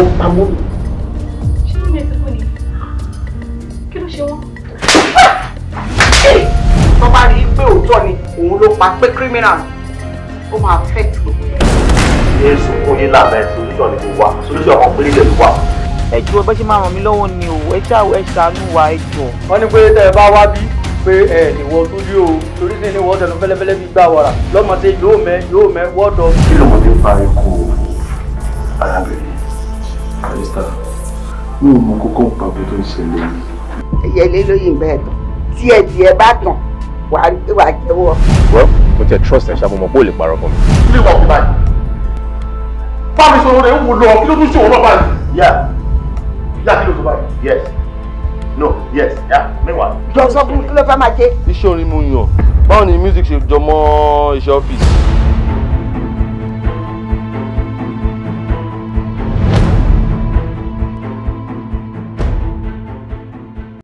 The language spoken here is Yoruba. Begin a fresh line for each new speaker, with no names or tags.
lọ pa mọ́ mi.
ṣé mi ò ti ni kí ló ṣe wọ́n.
tó bá rí i pé òótọ́ ni òun ló pa pé criminal ó máa affect gbogbo ẹ̀.
jésù kò ní lànà ẹ̀ ni mo wà solution kan péré lè wà. ẹ jù ọgbẹ́ ṣe máa ràn mí lọ́wọ́ ni o ẹ ṣáà ẹ ṣàánú wa ẹ jọ. wọ́n ní pé tẹ́ ẹ bá wá bí pé ẹ lè wọ sórí o torí sí ni wọ́n tẹnu
fẹ́lẹ́fẹ́lẹ́ bí gbà wàrà lọ́mọ yóò mẹ yóò mẹ wọ́ọ̀dọ̀. kí ló ń pa ikú
barista mi ò mọ kókó ń pàbó tó ń ṣẹlẹ̀ yìí.
ẹyẹ ilé lóyìn bẹ́ẹ̀ tán tí ẹ di ẹ bá tàn wàá gbé wàá jẹ́wọ́.
wọ́n mo tẹ trust ẹ̀ ṣàbọ̀mọ̀ pé lè parọ́ fún mi. kí ló wà fún báyìí
fáwọn
ìṣòro rẹ̀ ń wò lọ kí ló tún ṣòro náà báyìí. yà yà kí ló tún báyìí. yes
no yes yà mẹ́wàá. jọ̀ọ́ sọ fún kí ló iṣẹ́ orin mu yàn báwo ni music ṣe jọ iṣẹ́ ọ́fíìsì.